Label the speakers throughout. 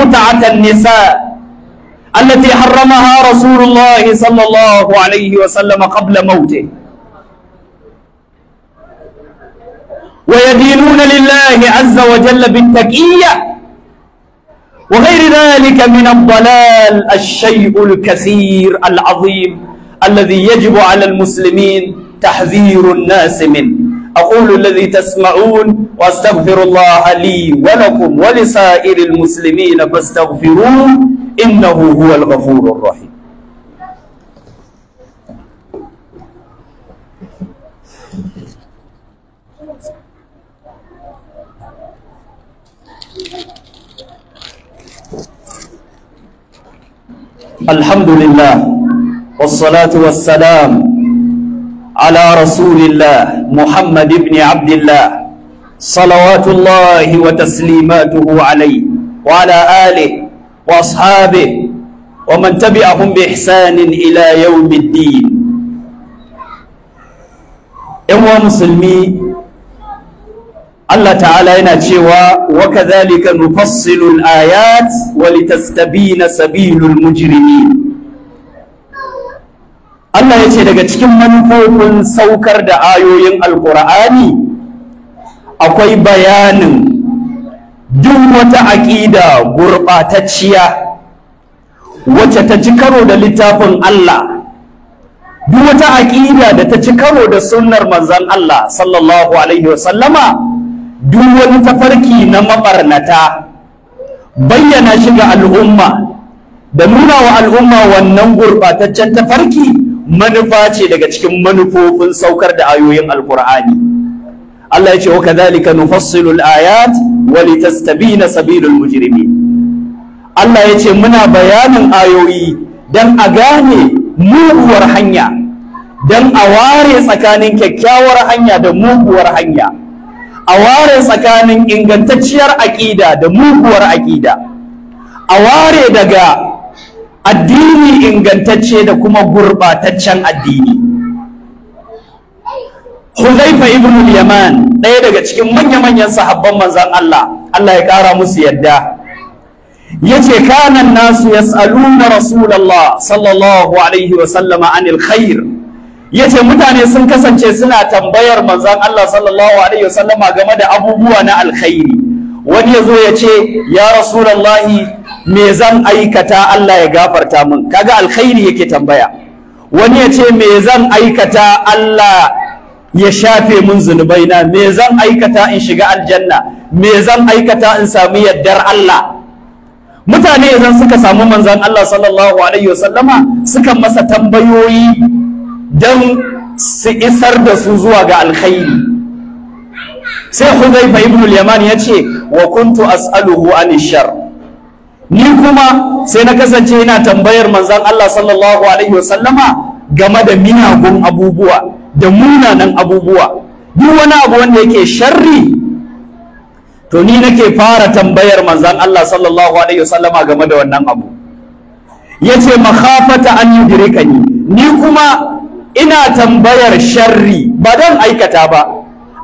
Speaker 1: متعة النساء التي حرمها رسول الله صلى الله عليه وسلم قبل موته ويدينون لله عز وجل بالتكية وغير ذلك من الضلال الشيء الكثير العظيم الذي يجب على المسلمين تحذير الناس منه أقول الذي تسمعون وأستغفر الله لي ولكم ولسائر المسلمين فاستغفروه إنه هو الغفور الرحيم الحمد لله والصلاة والسلام على رسول الله محمد بن عبد الله صلوات الله وتسليماته عليه وعلى آله وأصحابه ومن تبعهم بإحسان إلى يوم الدين إخوة مسلمي الله تعالى ينشوى وكذلك نفصل الآيات ولتستبين سبيل المجرمين Allah ya ce daga cikin manufofin saukar da ayoyin alkur'ani akwai bayanin duk wata aƙida gurɓatacciya wacce ta ci karo da littafin Allah duk wata aƙida da ta ci karo da sunnar manzan Allah sallallahu alaihi wasallama duk wani tafarki na maɓarnata, bayyana shi ga al'umma da nuna wa al'umma wannan gurɓataccen tafarki manufa ce daga cikin manufofin saukar da ayoyin alkur'ani Allah ya ce wa kadhalika nufassilu al-ayat wa litastabina sabilul mujrimin Allah ya ce muna bayanin ayoyi dan a gane muguwar hanya dan a ware tsakanin kyakkyawar hanya da muguwar hanya a ware tsakanin ingantacciyar aƙida da muguwar aƙida a ware daga addini ingantacce da kuma gurɓataccen addini Huzaifa ibn Yaman ɗaya daga cikin manya-manyan sahabban manzon Allah Allah ya ƙara musu yadda yace kana nasu yas'aluna rasulullah sallallahu alaihi wa sallama anil khair yace mutane sun kasance suna tambayar manzon Allah sallallahu alaihi wa sallama game da abubuwa na alkhairi wani yazo yace ya rasulullahi me zan aikata Allah ya gafarta min kaga alkhairi yake tambaya wani ya ce me zan aikata Allah ya shafe min na? me zan aikata in shiga aljanna me zan aikata in samu yaddar Allah mutane idan suka samu manzan Allah sallallahu alaihi wasallama suka masa tambayoyi don su isar da su zuwa ga alkhairi sai Hudayfa ibn al-Yaman yace wa kuntu as'aluhu an ni kuma sai na kasance ina tambayar manzan Allah sallallahu alaihi wasallama game da miyagun abubuwa da munanan abubuwa duk wani abu wanda yake sharri to ni nake fara tambayar manzan Allah sallallahu alaihi wasallama game da wannan abu yace makhafata an yudrikani ni kuma ina tambayar sharri ba dan aikata ba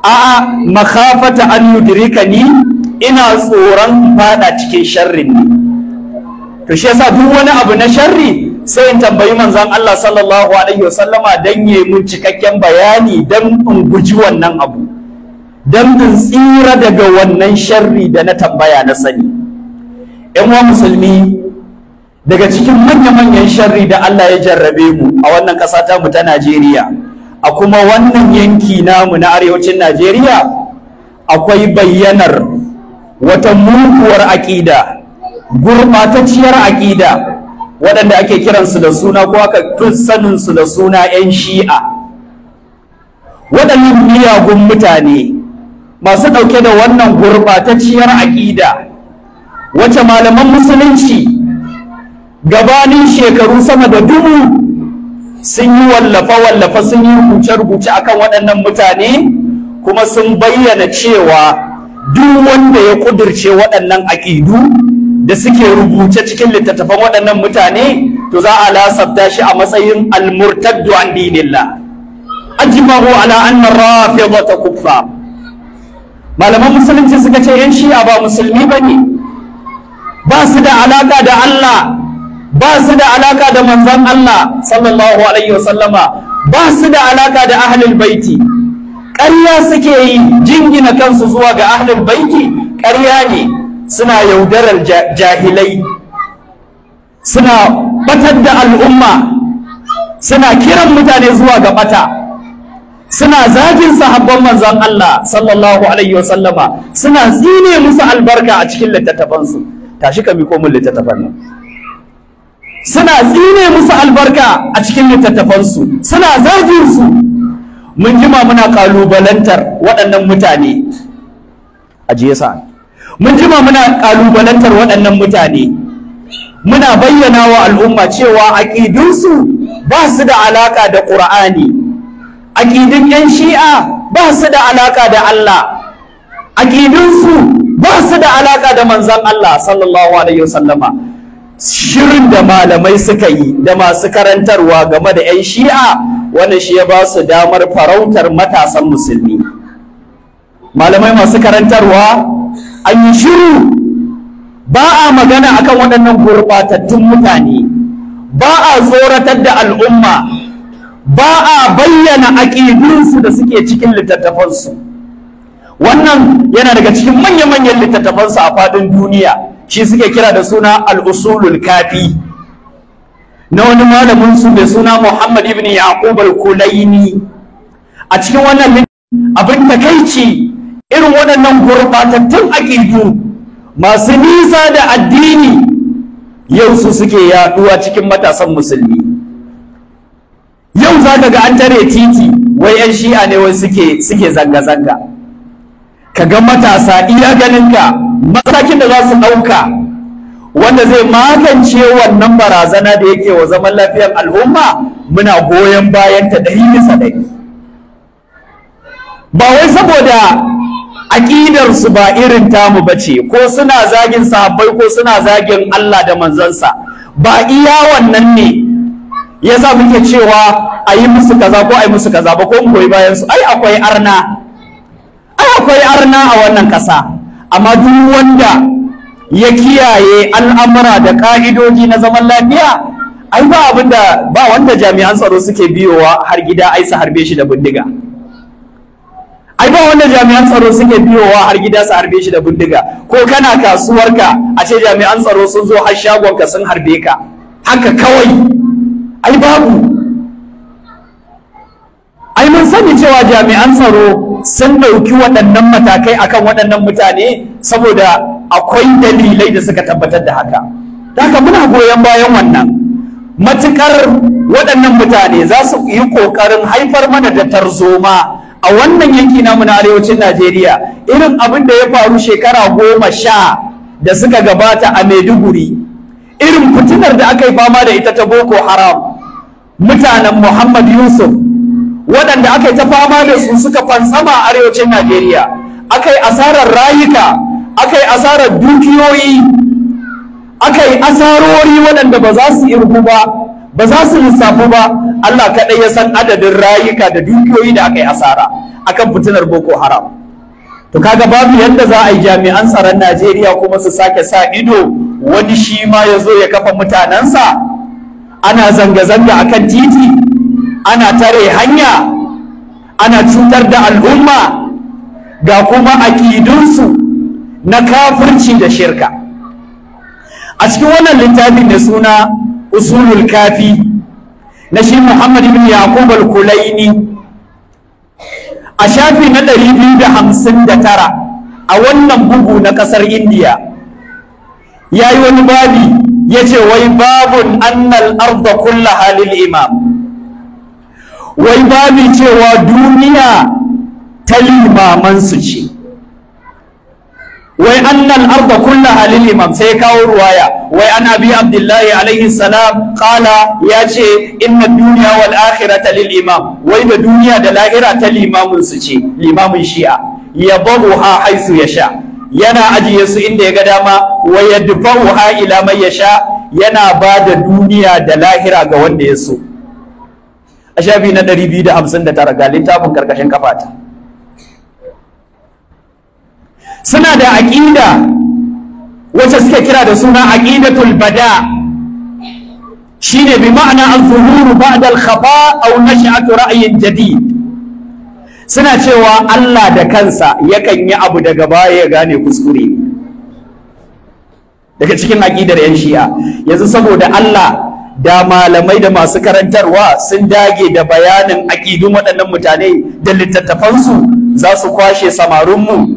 Speaker 1: a'a makhafata an ni. ina tsoron fada cikin sharrin ne to shi yasa duk wani abu na sharri sai in tambayi manzon Allah sallallahu alaihi wasallama dan yi mun cikakken bayani dan in guji wannan abu dan in tsira daga wannan sharri da na tambaya na sani yan uwa musulmi daga cikin manyan manyan sharri da Allah ya jarrabe mu a wannan ƙasa ta mu ta Najeriya a kuma wannan yanki namu na arewacin Najeriya akwai bayyanar wata muguwar aƙida gurɓatacciyar aƙida waɗanda ake kiransu da suna ko aka sanin saninsu da suna 'yan shi'a waɗannan miyagun mutane masu ɗauke da wannan gurɓatacciyar aƙida Wace malaman musulunci gabanin shekaru sama da dubu sun yi wallafa-wallafa sun yi rubuce-rubuce akan waɗannan mutane kuma sun bayyana cewa duk wanda ya ƙudurce waɗannan aƙidu da suke rubuce cikin littattafan waɗannan mutane to za a lasabta shi a matsayin almurtaddu an dinillah ajmahu ala anna ta kufa. malaman musulunci suka ce yan shi'a ba musulmi bane ba su da alaka da Allah ba su da alaka da manzon Allah sallallahu alaihi wasallama ba su da alaka da ahlul baiti ƙarya suke yi jingina kansu zuwa ga ahlul baiti ƙarya ne suna yaudarar jahilai suna batar da al'umma suna kiran mutane zuwa ga bata suna zagin sahabban manzon Allah sallallahu alaihi wasallama suna tsine musu albarka a cikin littattafansu tashi ka miko min littattafan nan suna tsine musu albarka a cikin littattafansu suna zagin su mun jima muna kalubalantar waɗannan mutane ajiye sa'a. mun jima muna kalubalantar waɗannan mutane muna bayyana wa al'umma cewa aƙidunsu ba su da alaƙa da ƙur'ani aƙidun 'yan shi'a ba su da alaƙa da Allah aƙidunsu ba su da alaƙa da manzan Allah sallallahu alaihi wasallama shirin da malamai suka yi da masu karantarwa game da 'yan shi'a wani shi ya ba su damar farautar matasan musulmi malamai masu karantarwa an yi shiru ba a magana akan waɗannan gurɓatattun mutane ba a tsoratar da al'umma ba a bayyana aƙidunsu da suke cikin littattafansu wannan yana daga cikin manya-manyan littattafansu a faɗin duniya shi suke kira da suna al'usulul kafi na wani malaminsu mai suna muhammad ibn yaqub al-kulaini a cikin wannan abin takaici irin waɗannan gurɓatattun aƙidu masu nisa da addini yau su suke yaɗuwa cikin matasan musulmi yau za ka ga an tare titi wai 'yan shi'a ne wai suke zanga-zanga ka ga matasa iya ganinka matakin da za su ɗauka wanda zai magance wannan barazana da yake wa zaman lafiyar al'umma muna goyon bayanta ɗari bisa ɗari ba wai saboda su ba irin tamu bace ko suna zagin sahabbai ko suna zagin Allah da manzansa ba iya wannan ne yasa sa muke cewa a yi musu kaza ko a yi musu kaza ba ko mu bayan bayansu ai akwai arna ai akwai arna a wannan kasa. amma duk wanda ya kiyaye al'amura da ƙa'idoji na zaman lafiya ai ba abin ba wanda jami'an tsaro suke biyowa har gida ai su harbe shi da bindiga ai ba wanda jami'an tsaro suke biyowa har gida su harbe shi da bindiga ko kana kasuwarka a ce jami'an tsaro sun zo har shagonka sun harbe ka haka kawai ai babu ai mun sani cewa jami'an tsaro sun ɗauki waɗannan matakai akan waɗannan mutane saboda akwai dalilai da suka tabbatar da haka haka muna goyon bayan wannan matukar waɗannan mutane za su yi ƙoƙarin haifar mana da tarzoma a wannan yanki namu na arewacin Najeriya irin abin da ya faru shekara goma sha da suka gabata a Maiduguri irin fitinar da aka yi fama da ita ta Boko Haram mutanen Muhammad Yusuf waɗanda aka yi ta fama da su suka fansama a arewacin Najeriya aka yi asarar rayuka aka yi asarar dukiyoyi aka yi asarori waɗanda ba za su irgu ba ba za su lissafu ba Allah kaɗai ya san adadin rayuka da dukiyoyi da aka yi asara akan fitinar boko haram to kaga babu yadda za a yi jami'an tsaron najeriya kuma su sake sa ido wani shi ma ya zo ya kafa mutanensa ana zanga-zanga a kan titi ana tare hanya ana cutar da al'umma ga kuma akidunsu na kafirci da shirka a cikin wannan littafin da suna usulul kafi na shi muhammad bin yaqub al-kulaini a shafi na ɗari biyu da da hamsin tara, a wannan bugu na ƙasar indiya ya yi wani babi ya ce wai babun annal arda kulla halil imam wai babi cewa duniya ta limamansu ce wai annal arda kulla halin imam sai kawo ruwaya wai ana bi abdullahi alaihi salam kala ya ce inna duniya wal akhirata lil imam wai da duniya da lahira ta limamun su ce limamun shi'a ya ha haisu ya sha yana ajiye su inda ya ga dama Wai ya yadfa'uha ila mai ya sha yana ba da duniya da lahira ga wanda ya so a shafi na 259 ga littafin karkashin kafata suna da aƙida wacce suke kira da suna aƙidatul bada shine bi ma'ana al-zuhur ba'da al-khata aw nash'atu ra'yin jadid suna cewa Allah da kansa yakan yi abu daga baya ya gane kuskure daga cikin aƙidar yan shi'a yanzu saboda Allah da malamai da masu karantarwa sun dage da bayanin aƙidun waɗannan mutane da littattafansu za su kwashe samarinmu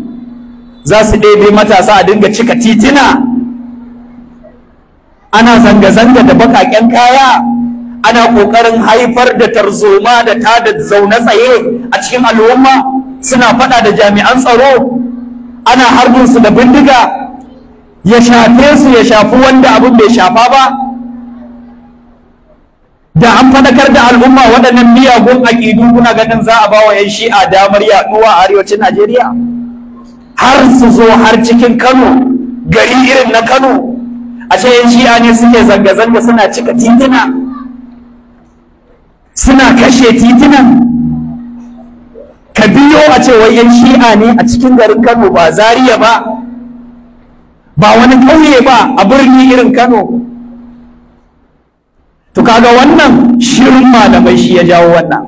Speaker 1: za su ɗebe matasa a dinga cika titina ana zanga-zanga da baƙaƙen kaya ana ƙoƙarin haifar da tarzoma da ta da zaune tsaye a cikin al'umma suna faɗa da jami'an tsaro ana harbinsu da bindiga ya shafe su ya shafi wanda abin bai shafa ba da an faɗakar da al'umma waɗannan miyagun aƙidu kuna ganin za a ba wa 'yan shi'a damar yaɗuwa a arewacin najeriya har su zo har cikin kano gari irin na kano a ce yan shi'a ne suke zanga-zanga suna cika titina suna kashe titinan ka biyo a ce wai yan shi'a ne a cikin garin kano ba zariya ba ba wani ƙauye ba a birni irin kano to kaga wannan shirin malamai shi ya jawo wannan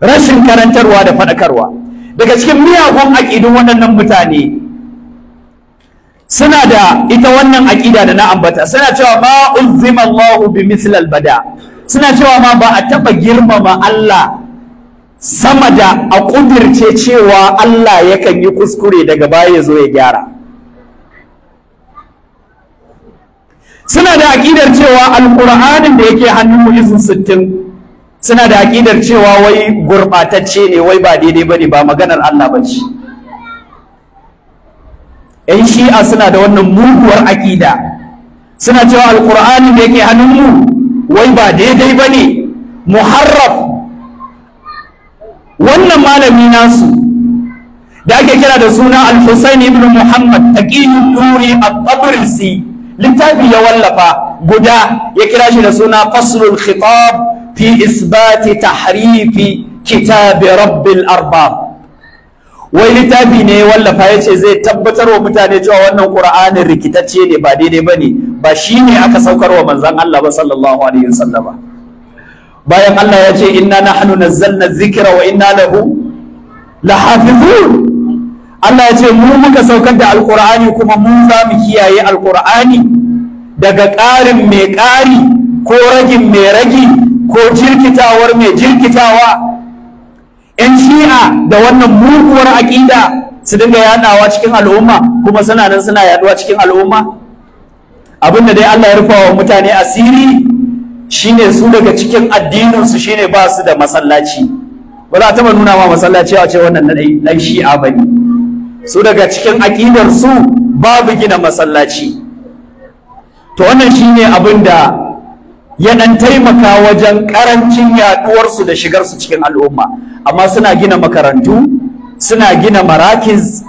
Speaker 1: rashin karantarwa da faɗakarwa daga cikin miyagun aƙidun waɗannan mutane suna da ita wannan aƙida da na ambata suna cewa ma uzzima Allahu bi mislal bada suna cewa ma ba a taɓa girmama Allah sama da a ƙudirce cewa Allah yakan yi kuskure daga baya zo ya gyara suna da aƙidar cewa alƙur'anin da yake hannun mu izin sittin suna da aƙidar cewa wai gurɓatacce ne wai ba daidai ba ne ba maganar Allah ba ce ‘yan shi'a suna da wannan muguwar aƙida suna cewa alƙur'ani da yake mu. wai ba daidai ba ne muharraf wannan malami nasu da ake kira da suna al husaini ibn muhammad taqiyyu turi at-tabrisi littafi ya wallafa guda ya kira shi da suna faslul khitab في إثبات تحريف كتاب رب الأرباب wai littafi ne wallafa ya ce zai tabbatar wa mutane cewa wannan ƙur'anin rikitacce ne ba daidai ba ne ba shi ne aka saukar wa manzan Allah ba sallallahu alaihi wasallam bayan Allah ya ce inna nahnu nazzalna dhikra wa inna lahu lahafizun Allah ya ce mu muka saukar da alƙur'ani kuma mun za mu kiyaye alƙur'ani daga ƙarin mai ƙari ko ragin mai ragi ko jirkitawar mai jirkitawa ‘yan shi'a da wannan muguwar aƙida su dinga yaɗawa cikin al'umma kuma suna nan suna yaɗuwa cikin al'umma abin da dai Allah ya rufa wa mutane asiri shine su daga cikin addininsu shine ba su da masallaci ba za a taɓa nuna ma masallaci a ce wannan na shi'a ba ne su daga cikin aƙidarsu babu gina masallaci to wannan shine abin da ya taimaka wajen karancin yaɗuwarsu da shigarsu cikin al'umma amma suna gina makarantu suna gina marakis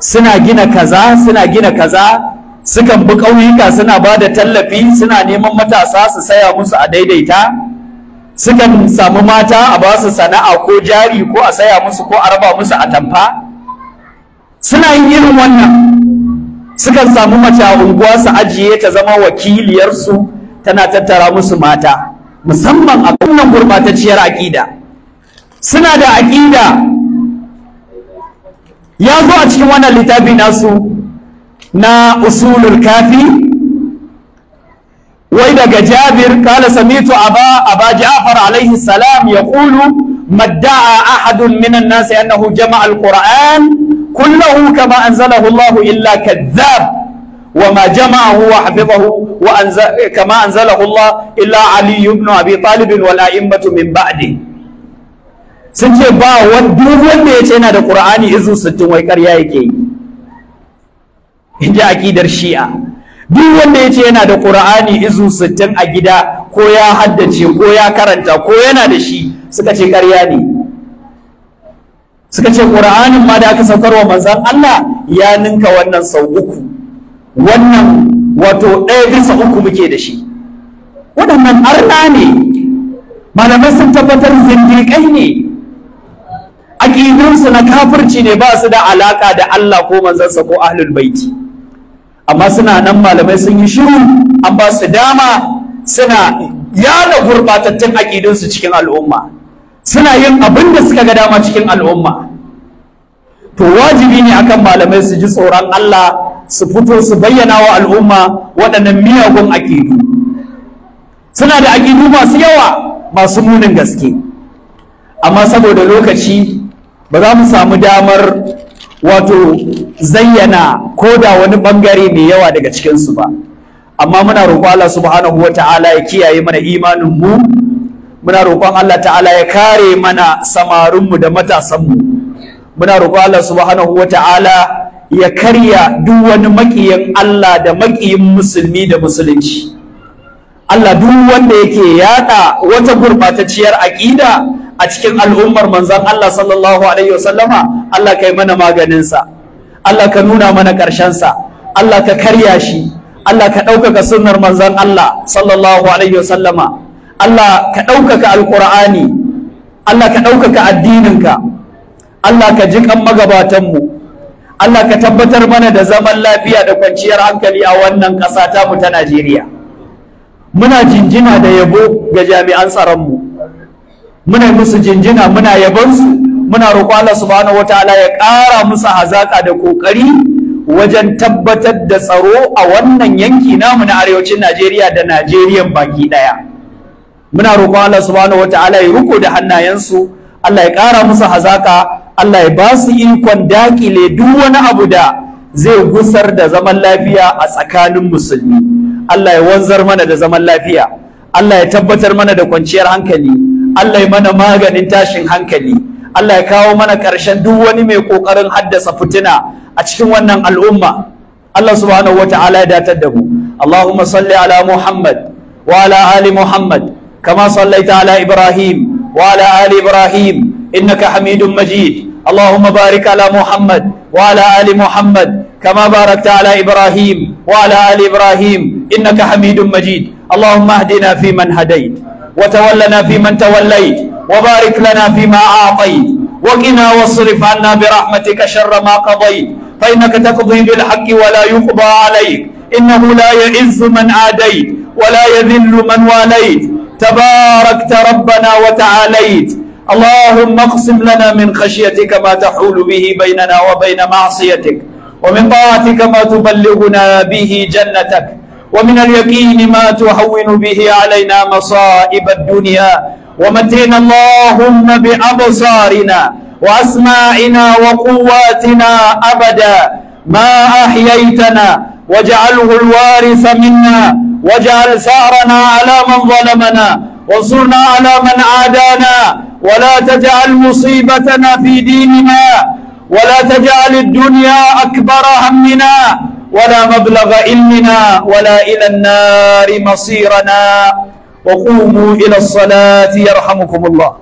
Speaker 1: suna gina kaza suna gina kaza sukan bi ƙauyuka suna ba da tallafi suna neman matasa su saya musu a daidaita sukan samu mata a ba su sana'a ko jari ko a saya musu ko a raba musu a tamfa suna yin irin wannan sukan samu mace a unguwa su ajiye ta zama wakiliyarsu tana tattara musu mata musamman a wannan gurbatacciyar aƙida suna da aƙida ya zo a cikin wannan littafi nasu na usulul kafi wai daga jabir kala samitu aba aba ja'far alaihi salam ƙulu madda'a ahadun minan nasi annahu jama'a alquran kullahu kama anzalahu allah illa kadhab Wa ma وما جمعه وحفظه وأنزل كما أنزله الله إلا علي بن أبي طالب والأئمة من بعده sun ce ba wa duk wanda ya ce yana da ƙur'ani izu sittin wai ƙarya yake yi in ji aƙidar shi'a duk wanda ya ce yana da ƙur'ani izu sittin a gida ko ya haddace ko ya karanta ko yana da shi suka ce ƙarya ne suka ce ƙur'anin ma da aka saukar wa manzan Allah ya ninka wannan sau uku wannan wato ɗaya bisa uku muke da shi waɗannan arna ne malamai sun tabbatar zindiƙai ne aƙidunsu na kafirci ne ba su da alaƙa da Allah ko manzansa ko ahlul baiti amma suna nan malamai sun yi shiru an ba su dama suna yana gurɓatattun aƙidunsu cikin al'umma suna yin abin da suka ga dama cikin al'umma to wajibi ne akan malamai su ji tsoron Allah su fito su bayyana wa al'umma waɗannan miyagun aƙidu suna da aƙidu masu yawa masu munin gaske amma saboda lokaci ba za mu samu damar wato zayyana ko da wani ɓangare mai yawa daga cikinsu ba amma muna roƙon Allah subhanahu wa ta'ala ya kiyaye mana imanin mu muna roƙon Allah ta'ala ya kare mana samarinmu da matasanmu muna roƙon Allah subhanahu wa ta'ala ya karya duk wani maƙiyin Allah da maƙiyin musulmi da musulunci Allah duk wanda yake yada wata gurɓatacciyar aƙida a cikin al'ummar manzan Allah sallallahu alaihi wasallama Allah kai mana maganinsa Allah ka nuna mana ƙarshensa Allah ka karya shi Allah ka ɗaukaka sunnar manzan Allah sallallahu alaihi wasallama Allah ka ɗaukaka alƙur'ani Allah ka ɗaukaka addininka Allah ka ji kan mu Allah ka tabbatar mana da zaman lafiya da kwanciyar hankali a wannan ƙasa ta mu ta Najeriya muna jinjina da yabo ga jami'an tsaronmu muna musu jinjina muna yabonsu muna roƙo Allah subhanahu wataala ya ƙara musu hazaƙa da ƙoƙari wajen tabbatar da tsaro a wannan yanki namu na arewacin Najeriya da Najeriyan baki ɗaya. muna roƙo Allah subhanahu wataala ya riko da hannayensu Allah ya ƙara musu hazaƙa. Allah ya ba su ikon dakile duk wani abu da zai gusar da zaman lafiya a tsakanin musulmi Allah ya wanzar mana da zaman lafiya Allah ya tabbatar mana da kwanciyar hankali Allah ya mana maganin tashin hankali Allah ya kawo mana ƙarshen duk wani mai ƙoƙarin haddasa fitina a cikin wannan al'umma Allah subhanahu wa ta'ala ya datar da mu Allahumma salli ala Muhammad wa ala ali Muhammad kama sallaita ala Ibrahim wa ala ali Ibrahim innaka Hamidum Majid اللهم بارك على محمد وعلى آل محمد كما باركت على إبراهيم وعلى آل إبراهيم إنك حميد مجيد اللهم اهدنا فيمن هديت وتولنا فيمن توليت وبارك لنا فيما أعطيت وقنا واصرف عنا برحمتك شر ما قضيت فإنك تقضي بالحق ولا يقضى عليك إنه لا يعز من عاديت ولا يذل من واليت تباركت ربنا وتعاليت اللهم اقسم لنا من خشيتك ما تحول به بيننا وبين معصيتك ومن طاعتك ما تبلغنا به جنتك ومن اليقين ما تهون به علينا مصائب الدنيا ومتعنا اللهم بأبصارنا وأسماعنا وقواتنا أبدا ما أحييتنا واجعله الوارث منا واجعل ثأرنا على من ظلمنا وانصرنا على من عادانا ولا تجعل مصيبتنا في ديننا ولا تجعل الدنيا أكبر همنا ولا مبلغ علمنا ولا إلى النار مصيرنا وقوموا إلى الصلاة يرحمكم الله